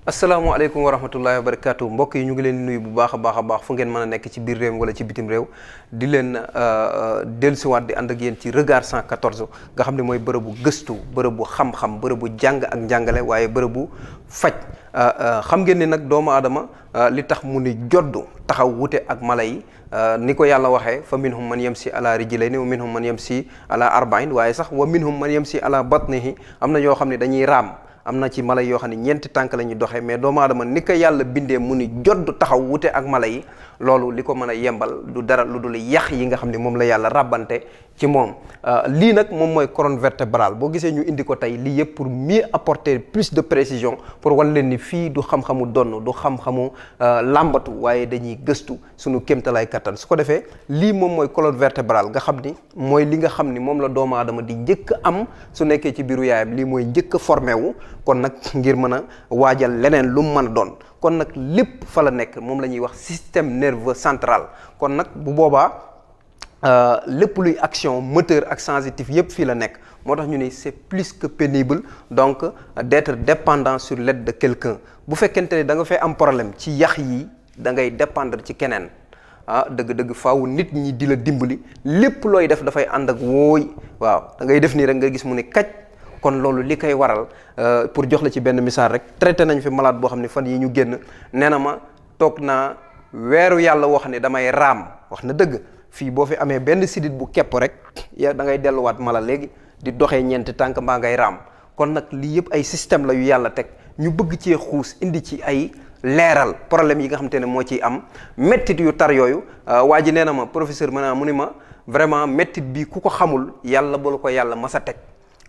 asalaamaaleykum wa rahmatullahi wa barakaatu mbokk yi ñu ngi leen di nuyu bu baax a baax a baax fu ngeen mën a nekk ci biir réew wala ci bitim réew di leen euh, euh, dellusiwaat di ànd ak yéen ci regard 114 nga xam ne mooy bërëbu gëstu bërëbu xam-xam bërëbu jàng ak njàngale waaye bërëbu faj euh, xam ngeen ne nag doomu aadama li tax mu ni joddu taxaw wute ak mala yi ni ko yàlla waxee fa minhum man yem si ala rijlayni wa minhum man yem si ala arbain waaye sax wa minhum man yem si ala batnihi am na ñoo xam ne dañuy raam am na ci mala yoo xam ne ñeenti tànk lañuy ñuy doxee mais doomu aadama ni ko yàlla bindee mu ni jot du taxaw wute ak mala yi loolu li ko mën a yembal du dara lu dul yax yi nga xam ne moom la yàlla ràbbante ci moom euh, lii nag moom mooy colonne vertébrale boo gisee ñu indi ko tey lii yëpp pour mieux apporter plus de précision pour wan leen ni fii du xam-xamu du xam-xamu euh, waaye dañuy gëstu suñu kéemtalaay kattan su ko defee lii moom mooy colonne vertébrale nga xam ni mooy li nga xam ni moom la doomu aadama di njëkk am su nekkee ci biiru yaayam lii mooy njëkk a formé wu kon nag ngir mën a waajal leneen lu mu mën a doon kon nag lépp fa la nekk moom lañuy wax système nerveux centrale kon nag bu boobaa euh, lépp luy action moteur ak sensitif yépp fii la nekk moo tax ñu ne c'est plus que pénible donc d'être dépendant sur l'aide de quelqu'un bu fekkente ne da nga fay am problème ci yax yi dangay ngay dépendre ci keneen ah dëgg-dëgg faaw nit ñi di la dimbali lépp looy def dafay ànd ak wooy waaw da ngay def nii rek nga gis mu ne kaj kon loolu li koy waral euh, pour jox la ci benn misaal rek traité nañu fi malade boo xam ne fan yi ñu génn nee na ma toog naa weeru yàlla wax ne damay raam wax na dëgg fii boo fi amee benn sidit bu kepp rek ya da ngay delluwaat mala léegi di doxee ñeenti tànk mbaa ngay raam kon nag lii yëpp ay système la yu yàlla teg ñu bëgg cee xuus indi ci ay leeral problème yi nga xam te ne moo ciy am méttit yu tar yooyu euh, waa ji nee na ma professeur ma ah, mu ni ma vraiment méttit bi ku ko xamul yàlla ba ko yàlla mas a teg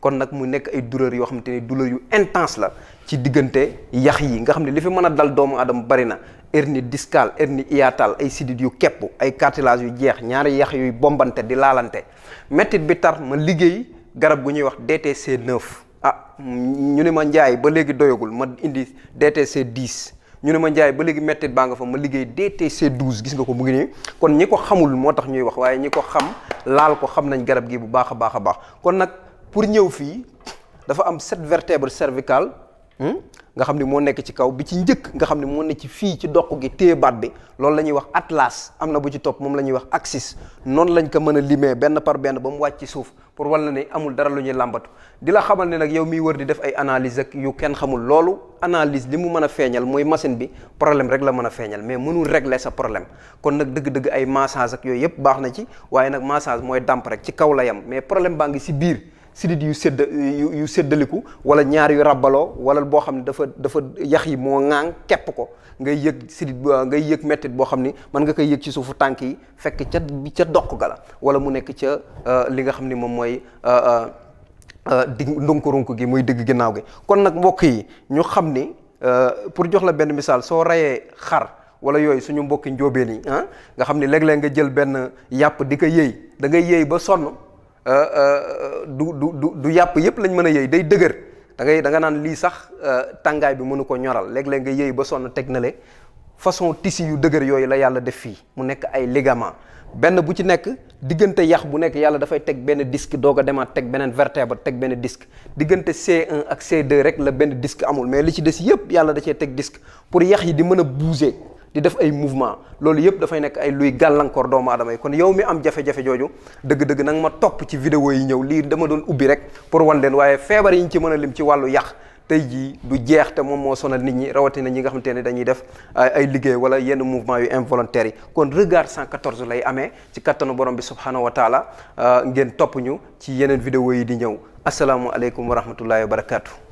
kon nag mu nekk ay douleur yoo xamante ni douleur yu intense la ci diggante yax yi nga xam ne li fi mën a dal doomu aadama bari na hernie discale hernie hiatale ay sidit yu kepp ay cartilage yu jeex ñaari yax yuy bombante di laalante mettit bi tar ma liggéey garab gu ñuy wax DTC 9 ah ñu ne ma njaay ba léegi doyagul ma indi DTC 10 ñu ne ma njaay ba léegi mettit baa nga fa ma liggéey DTC 12 gis nga ko mu ngi nii kon ñi ko xamul moo tax ñuy wax waaye ñi ko xam laal ko xam nañ garab gi bu baax a baax a baax kon nag pour ñëw fii dafa am set vertèbres cervicales hmm, nga xam ni moo nekk ci kaw bi ci njëkk nga xam ni moo nekk ci fii ci doq gi téye bi loolu la ñuy wax atlas am na bu ci topp moom la ñuy wax axis noonu lañ ko mën a limee benn par benn ba mu wàcc suuf pour wal na ne amul dara lu ñuy làmbatu di la xamal ne nag yow miy wër di def ay analyse ak yu kenn xamul loolu analyse li mu mën a feeñal mooy machine bi problème rek la mën a feeñal mais mënul régler sa problème kon nag dëgg-dëgg ay massage ak yooyu yëpp baax na ci waaye nag massage mooy damp rek ci kaw yam mais problème baa ngi si biir sidit yu sedd yu yu séddaliku wala ñaar yu rabbaloo wala boo xam ne dafa dafa yax yi moo ŋaang kepp ko ngay yëg sidit ngay yëg mettit boo xam ni mën nga koy yëg ci suufu tànk yi fekk ca ca doq ga la wala mu nekk ca euh, li nga xam ni moom mooy euh, euh, ndunk ndunkurunk gi muy digg ginnaaw gi kon nag mbokk yi ñu xam ni pour jox la benn misaal soo reyee xar wala yooyu suñu mbokki njóobeen yi ah nga xam ni léeg-léeg nga jël benn yàpp di ko yëy da ngay yëy ba sonn Euh, euh, du du du du yàpp yëpp lañ mën a yëy day dëgër dangay ngay da nga naan lii sax euh, tàngaay bi mënu ko ñoral léeg-léeg nga yëy ba sonn teg na le façon tissu yu dëgër yooyu la yàlla def fii mu nekk ay ligament benn bu ci nekk diggante yax bu nekk yàlla dafay teg benn disque doog a demaat teg beneen vertèbre teg benn disque diggante C1 ak C2 rek la benn disque amul mais li ci des yëpp yàlla da teg disque pour yax yi di mën a bouger di def ay mouvement loolu yëpp dafay nekk ay luy gàllankoor doomu adama yi kon yow mi am jafe-jafe jooju dëgg-dëgg na ma topp ci vidéo yi ñëw lii dama doon ubbi rek pour wan leen waaye feebar yi ñu ci mën a lim ci wàllu yàq tey jii du jeex te moom moo sonal nit ñi rawatina ñi nga xamante ne dañuy def ay liggéey wala yenn mouvement yu involontaire yi kon regard 114 lay amee ci kattanu borom bi subhanahu wa taala euh, ngeen topp ñu ci yeneen vidéo yi di ñëw asalaamualeykum wa rahmatullahi wa barakatu